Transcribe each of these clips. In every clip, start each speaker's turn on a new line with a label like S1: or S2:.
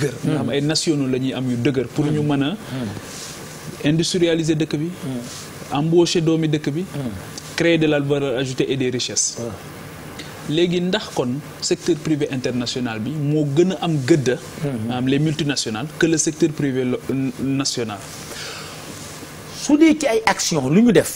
S1: dëgër nga ay nationaux la ñuy am yu dëgër pour ñu mën a industrialiser dëkk bi embaucher doomi dëkk bi créer de la valeur ajoutée et des richesses léegi ndax kon secteur privé international bi moo gën a am gëdda am les multinationales que le secteur privé national
S2: su dee ci ay action lu ñu def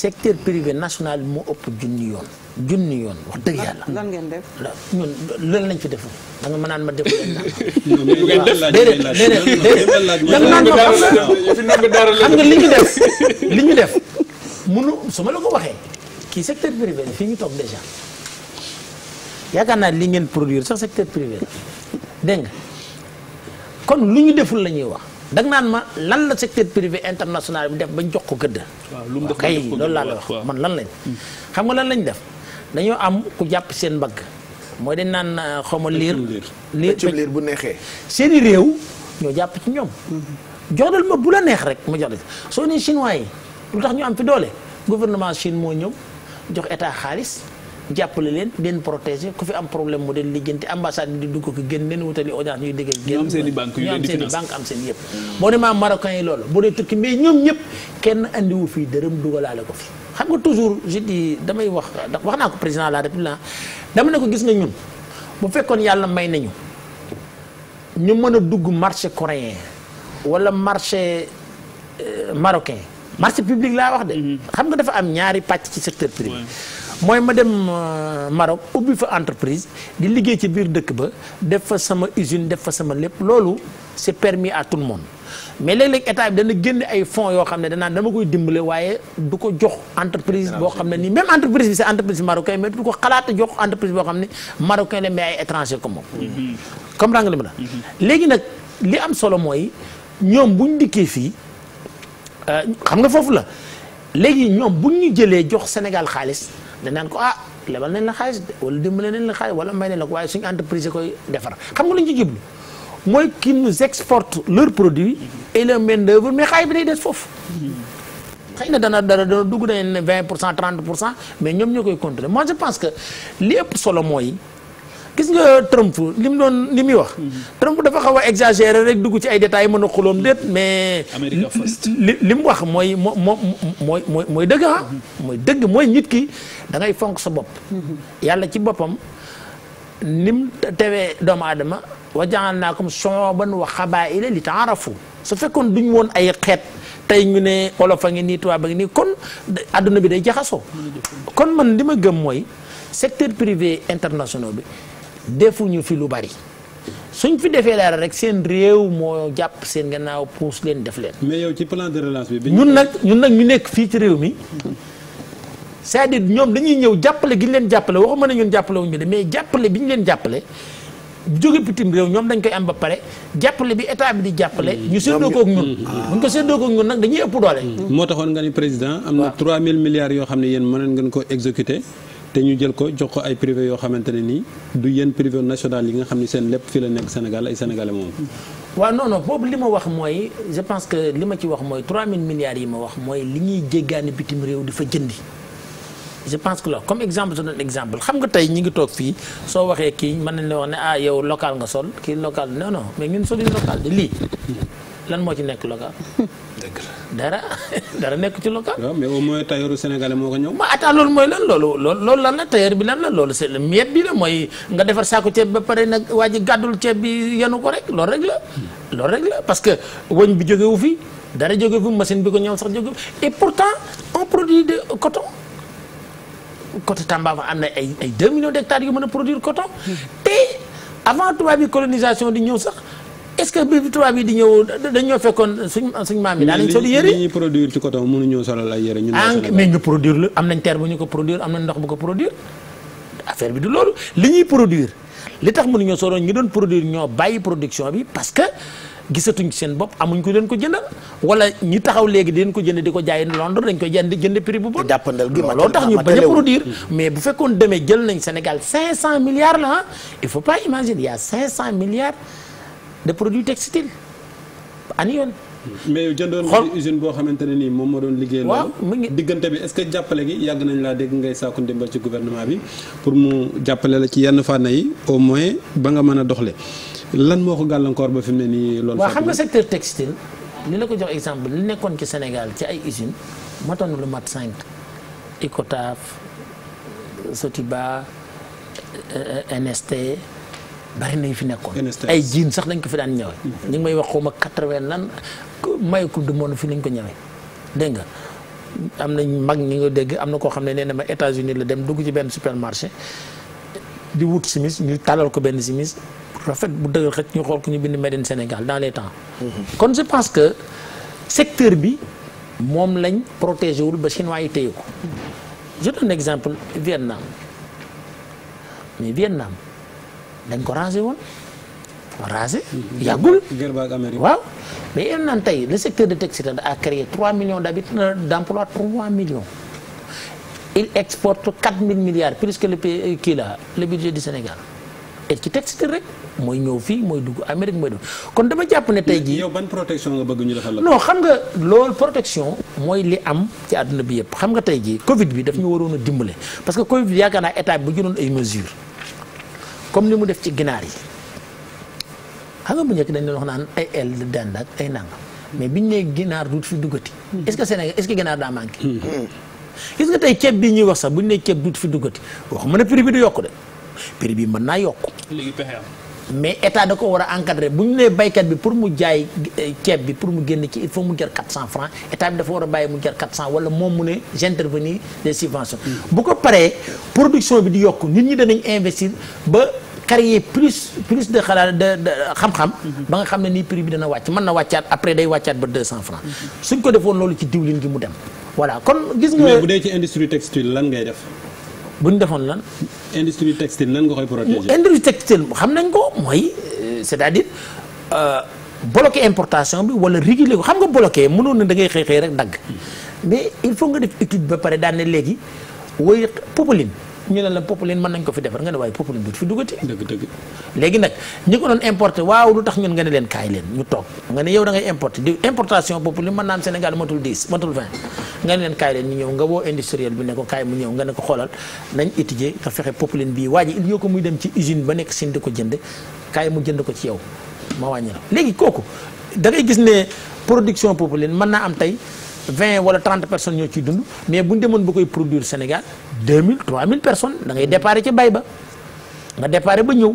S2: secteur privé national moo ëpp junni yoon junni yoon wax dëgg yàlla. lan ngeen def. ñun loolu lañ fi deful da nga ma naan ma def loolu ngeen def déedéet déedéet li ñu def li munu su ma la ko waxee kii secteur privé la fii ñu toog déjà yaakaar naa lii ngeen produire sax secteur privé la dégg nga kon lu ñu deful la ñuy wax. da nga naan ma lan la secteur privé international bi def bañ jox ko gëdd. waaw kay loolu laa la wax man lan lañ. Hmm. xam nga lan lañ def dañoo am ku jàpp seen mbagg mooy de naan euh, xaw ma liir. liir bu neexee. seen i réew ñoo jàpp ci ñoom. joxdal ma bu la neex rek ma jox la soo ne chinois yi lu tax ñu am fi doole gouvernement Chine moo ñëw jox état xaalis. jàppale leen leen protéger ku fi am problème mu den lijjanti ambassade bi di dugg ko génn leen wutali audience ñuy dégg
S1: génn ñu am seen i banque am seen yëpp
S2: boo ne maa marocain yi loolu boo dee turki mais ñoom ñëpp kenn andiwu fii dërëm dugalaale ko fi xam nga toujours je damay wax ndax wax naa ko président de la république ah. dama ne ko gis nga ñun bu fekkoon yàlla may nañu ñu mën a dugg marché coréen wala marché euh, marocain marché public laa wax de mm-hmm. xam nga dafa am ñaari pàcc ci secteur privé mooy ma dem euh, Maroc ubbi fa entreprise di liggéey ci biir dëkk ba def fa sama usine def fa sama lépp loolu c'est permis à tout le monde mais léeg-léeg état dana génn ay fonds yoo xam ne danaan dama koy dimbale waaye du ko jox entreprise boo xam ne nii même entreprise bi c'est entreprise marocain ko xalaat jox entreprise boo xam ne marocain la mais ay étranger comme moom mm-hmm. comprendre ma la mm-hmm. léegi nag li am solo mooy ñoom buñ dikkee fii euh, xam nga foofu la léegi ñoom buñ ñu jëlee jox Sénégal xaalis dañ ko ah lebal nañ la xaalis wala dimbale nañ la xaalis wala may nañ la ko waaye suñu entreprise koy defar xam nga lu ñu ci jublu mooy qui nous exporte leur produit et leur main d'œuvre mais xaalis bi day des foofu xëy na dana dara dana dugg dañu ne 20 pour cent 30 pour cent mais ñoom ñoo koy contrôler moi je pense que li ëpp solo mooy gis nga Trump li mu doon li muy wax. Trump dafa xaw a exagéré rek dugg ci ay détails mën a xuloom déet mais. America li mu wax mooy moo moo mooy mooy mooy dëgg ah. mooy dëgg mooy nit ki da ngay fonk sa bopp. yàlla ci boppam nim tewee doomu aadama wa ja'alnaakum shu'uban wa qabaa'ila li ta'aarafu su fekkoon duñ woon ay xeet. tey ñu ne olof a ngi nii tubaab a ngi nii kon àdduna bi day jaxasoo kon man li ma gëm mooy secteur privé international bi defuñu fi lu bari suñ fi defee dara rek seen réew moo jàpp seen gannaaw puus leen def leen. mais yow ci plan de relance bi. ñun nag ñun nag ñu nekk fii ci réew mi c'est-à-dire ñoom dañuy ñëw jàppale gi ñu leen jàppale waxuma ne ñun jàppale wuñu de mais jàppale bi ñu leen jàppale. jóge bitim réew ñoom dañ koy am ba pare jàppale bi état bi di jàppale. Mm. ñu séddoo koog ñun. Mm. Mm. buñ ko séddoo koog ñun nag dañuy ëpp doole. moo
S1: taxoon nga ni président. am na 3000 milliards yoo xam ne yéen mën ngeen ko exécuter. te ñu jël ko jox ko ay privé yoo xamante ne nii du yéen privé national yi nga xam ni seen lépp fii la nekk Sénégal ay sénégalais moom.
S2: waaw boobu li ma wax mooy je pense que li ma ci wax mooy 3000 milliards yi ma wax mooy li ñuy jéggaani bitim réew di fa jëndi. je pense que la comme exemple je donne exemple xam nga tey ñi ngi toog fii soo waxee kii mën nañ la wax ne ah yow local nga sol kii local non mais ñun soluñu local de lii. lan moo ci nekk local. dëgg dara dara nekk ci local. waaw mais au moins tailleur sénégalais moo ko ñëw. ma loolu mooy lan loolu lool lan la tailleur bi lan la loolu c'est le miette bi la mooy nga defar saako ceeb ba pare nag waa ji gàddul ceeb bi yenu ko rek loolu rek la. loolu rek parce que wëñ bi jógewu fi dara jóge fu machine bi ko ñëw sax jóge et pourtant on produit de coton. côté Tamba am na ay ay 2 millions d'hectares yu mën a produire coton. Hmm. te avant tubaab bi colonisation di ñëw sax. que bi tubaab yi di fekkoon suñ suñ maam yi. daanañ sol yére li ñuy produire ci coton mënuñoo solal ay yére. ñun mais ko produire am nañ bi du loolu li ñuy produire li tax mënuñoo soloon ñu doon produire ñoo bàyyi production parce que. gisatuñ ci seen bopp amuñ ko leen ko jëndal wala ñi taxaw léegi di ko jënd di ko jaay Londres dañ koy jënd jënd prix bu bon jàppandal mais bu fekkoon demee jël nañ Sénégal 500 milliards la ah il faut pas imaginer il milliards de produits textiles ani yoon. mais jëndoon nga usine boo xamante ne nii moom moo doon liggéey loolu mu ngi diggante bi est-ce que jàppale gi yàgg nañ laa dégg ngay sàkku ndimbal ci gouvernement bi
S1: pour mu jàppale la ci yenn fànn yi au moins ba nga mën a doxle lan moo ko gàllankoor ba fi mu ne nii loolu waaw xam nga
S2: secteur textile li la ko jox exemple li nekkoon ci Sénégal ci ay usine matoon lu mat cinq Icotaf Sotiba euh, euh, NST bari na yu fi nekkoon. ay jiin sax dañ ko fi daan ñëwee. Mm-hmm. ñu ngi may wax xaw ma quatre-vingt lan mayu coupe du monde fi lañ ko ñëwee dégg nga. am nañ mag ñi nga dégg am na koo xam ne nee na ma États-Unis la dem dugg ci benn supermarché di wut simis ñu talal ko benn simis rafet bu dëgër xëcc ñu xool ko ñu bind Made in Sénégal dans les temps. Mm-hmm. kon je parce que secteur bi moom lañ protégé wul ba chinois yi téye ko. Mm-hmm. je donne un exemple Vietnam mais Vietnam. dañ ko raser woon raser yàggul waaw mais en naan tey le secteur de textile a créé 3 millions d'habitants d'emploi 3 millions il exporte 4000 milliards plus que le pays euh, kii la le budget du Sénégal et ci textile rek mooy ñëw fii mooy dugg Amérique mooy dugg kon dama jàpp ne tey jii. yow
S1: ban protection bëgg ñu defal la. non
S2: xam nga loolu protection. mooy li am ci àdduna bi yëpp xam nga tey jii Covid bi daf ñu waroon a dimbale parce que Covid bi yaakaar naa état bi bu jëloon ay mesures. comme ni mu def ci ginaar yi xam nga bu njëkk dañ leen wax naan ay aile de dinde ak ay nangam mais ñu nee ginaar duut fi duggati. Mhm. est-ce que Sénégal est-ce que ginaar daa manqué. Mhm. gis nga tey ceeb bi ñuy wax sax ñu nee ceeb duut fi duggati waxuma ne piri bi du yokk de prix bi mën naa yokk. léegi mais état da ko war a encadrer bu ñu nee baykat bi pour mu jaay eh, ceeb bi pour mu génn ci il faut mu jar 400 francs état bi dafa war a bàyyi mu jar 400 wala moom mu ne j'intervenir des mhm. bu ko paree production bi di yokk nit ñi danañ investir ba. créer plus plus de xalaat de xam-xam. Mhm. ba nga xam ne nii prix bi dana wàcc mën na wàccaat après day wàccaat ba 200 francs suñ ko defoon loolu ci diwlin gi mu dem. voilà kon gis nga bu dee ci industrie textile lan ngay def. bu ñu defoon lan. industrie textile lan nga koy protéger. industrie textile xam nañ ko mooy euh, c'est-à-dire. Euh, bloquer importation bi wala réguler ko xam nga bloquer mënoon na da ngay xëy xëy rek dagg mhm. mais il faut nga def étude ba pare daan ne léegi woy popeline ñu ne la popeline mën nañ ko fi defar nga ne waaye popeline duut fi duggati léegi nag ñi ko doon importé waaw lu tax ñun nga ne leen kaay leen ñu toog nga ne yow da ngay di importation popeline mën naa am nga ne leen kaay leen ñu ñëw woo industriel bi ne ko kaay mu ñëw nga ne ko xoolal bii waa ji il yoo ko muy dem ci usine ba nekk sin di ko jënd kaay mu ko ci yow ma wàññi la léegi kooku da ngay gis ne production popeline mën naa am tey 20 wala 30 personnes ñoo ciy dund mais buñ demoon ba koy produire Sénégal deux mille trois mille personnes da ngay déparé ci bay ba nga déparé ba ñëw.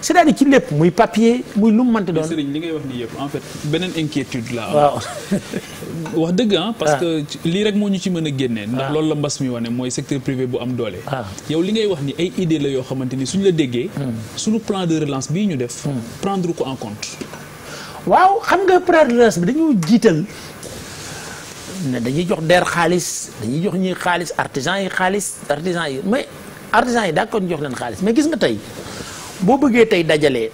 S2: cest ci lépp muy papier muy lu mu doon.
S1: li ngay wax nii yëpp en fait beneen inquiétude la waaw wax dëgg ah. parce ah. que lii rek moo ñu ci mën a génne ndax ah. loolu la mbas mi wane mooy secteur privé bu am doole. Ah. yow li ngay wax ni ay idée la yoo xamante ni suñ la déggee. su hmm. suñu plan de relance bii ñu def. Hmm. prendre ko en compte. waaw xam nga plan relance bi dañu jiital. ne dañuy
S2: jox DER xaalis dañuy jox ñuy xaalis artisan yi xaalis artisan yi mais artisan yi d'accord ñu jox leen xaalis mais gis nga tey boo bëggee tey dajalee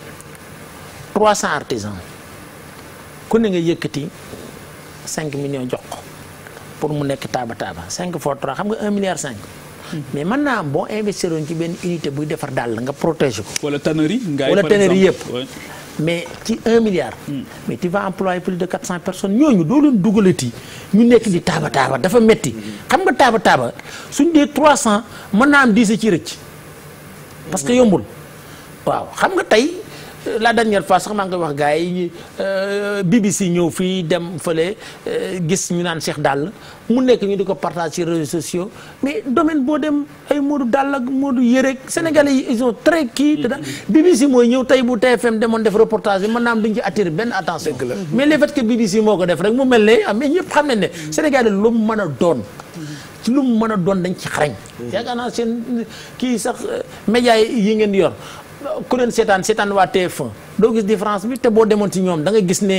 S2: 300 artisans ku ne nga yëkkati 5 millions jox ko pour mu nekk taaba taaba cinq fois 3 xam nga 1 milliard 5. mais mën naa am boo investir woon ci benn unité buy defar dàll nga protéger ko.
S1: wala tannerie. ngay par exemple wala tannerie
S2: mais ci un milliard. Hmm. mais tu vas employer plus de cent personnes ñooñu doo leen dugalati ñu nekk di taaba taaba dafa metti xam nga taaba taaba suñ dee 300 mën naa am 10 ci rëcc. parce que yombul waaw xam nga tey. la dernière fois sax maa ngi koy wax gars yi euh, BBC ñëw fii dem fële euh, gis ñu naan Cheikh dàll mu nekk ñu di ko partage ci réseaux sociaux mais domaine boo dem ay Modou dàll ak Modou Yérek Sénégalais yi ils ont très kii te daal BBC mooy ñëw tey bu TFM demoon def reportage bi mën naa am duñ ci attirer benn attention. mais le fait que BBC moo ko def rek mu mel ne am ah, mais ñëpp xam nañ ne Sénégalais lu mu mën a doon. lu mu mën a doon dañ ci xarañ. Mm-hmm. yaakaar naa seen kii sax euh, média yi ngeen yor. ku leen seetaan seetaan waa TF1 doo gis différence bi te boo demoon ci ñoom da nga gis ne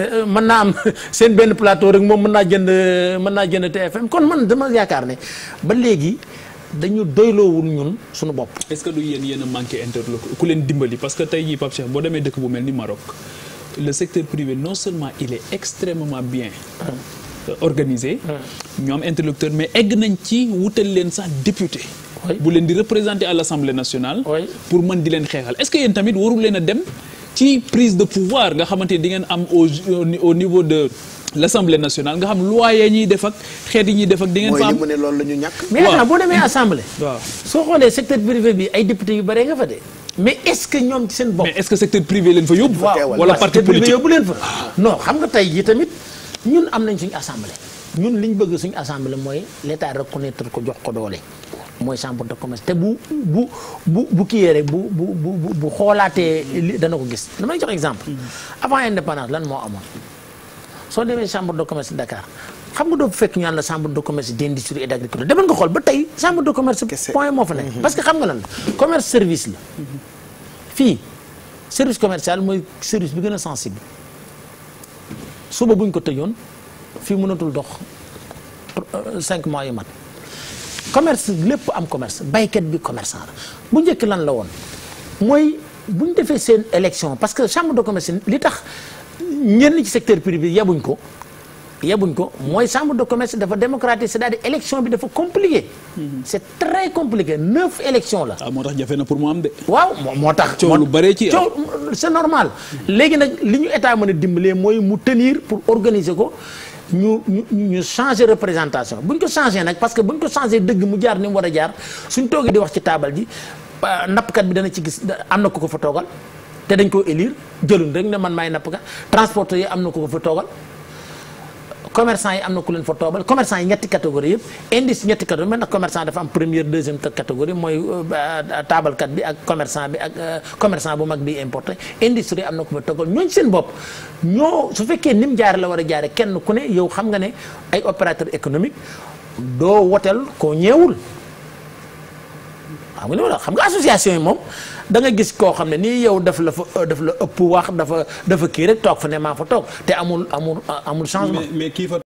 S2: euh, mën naa am seen benn plateau rek moom mën naa jënd mën naa jënd TFM kon man dama yaakaar ne ba léegi dañu doyloowul ñun
S1: suñu bopp. est-ce que du yéen yéen a manqué interlocuteur ku leen dimbali parce que tey jii Pape Cheikh boo demee dëkk bu mel ni Maroc le secteur privé non seulement il est extrêmement bien. Euh, organisé. ñoom interlocuteur mais egg nañ ci wutal leen sax député. bu leen di représenter à l'Assemblée nationale. pour mën di leen xeexal est-ce que yéen tamit warul leen a dem ci prise de pouvoir nga xamante di ngeen am au au niveau de. l'Assemblée nationale nga xam loi ya ñuy def ak xeet yi ñuy def ak. di ngeen fa am mooy
S2: mais attends boo demee
S1: assemblée. waaw
S2: soo xoolee secteur privé bi ay député yu bare nga fa de. mais est-ce que ñoom ci seen bopp. mais est-ce que secteur privé leen fa yóbbu. wala parti politique yóbbu leen fa. non xam nga tey jii tamit ñun am nañ suñu assemblée. ñun li ñu bëgg suñu assemblée mooy l'État reconnaître ko jox ko doole. mooy chambre de commerce te bu bu bu bu kiyee rek bu bu bu bu xoolaatee li dana ko gis damay jox exemple. Mm-hmm. avant indépendance lan moo amoon soo demee chambre de commerce Dakar xam nga doo fekk ñu naan la chambre de commerce d'industrie et d'agriculture demal nga xool ba tey chambre de commerce. point moo fa nekk mm-hmm. parce que xam nga lan commerce service la. Mm-hmm. fii service commercial mooy service bi gën a sensible suba buñ ko tëjoon fii mënatul dox euh, cinq mois yu mat. commerce lépp am commerce baykat bi commerçant la bu njëkk lan la woon mooy bu ñu defee seen élection parce que chambre de commerce li tax ñenn ci secteur privé yabuñ ko yabuñ ko mooy chambre de commerce dafa démocratique c'est-à-dire bi dafa compliqué. Mhm. c'est très compliqué neuf élections la.
S1: ah moo tax jafe na pour mu am de. waaw moo tax. coow lu bëree ci coow
S2: c'est normal. Mhm. léegi nag li ñu état mën a dimbalee mooy mu tenir pour organiser ko. ñu ñu ñu changer représentation bu ñu ko changer nag parce que bu ñu ko changer dëgg mu jaar ni mu war a jaar suñ toogee di wax ci taabal ji euh, nappkat bi dana ci gis am na ko ko fa toogal te dañ koo élire jëlun rek ne man napp nappkat transporteur yi am na ko ko fa toogal commerçant yi am na ku leen fa toobal commerçant yi ñetti catégorie yëpp indice ñetti catégorie mel na commerçant dafa am première deuxième catégorie mooy euh, taabalkat bi ak commerçant bi ak euh, commerçant bu mag bi importé industrie am na ku fa toogal ñooñu seen bopp ñoo su fekkee nim jaare la war a jaare kenn ku ne yow xam nga ne ay opérateur économique doo wotel koo ñeewul xam nga li ma xam nga association yi moom da nga gis koo xam ne nii yow daf la fa daf la ëpp wax dafa dafa kii rek toog fa ne maa fa toog te amul amul amul changement.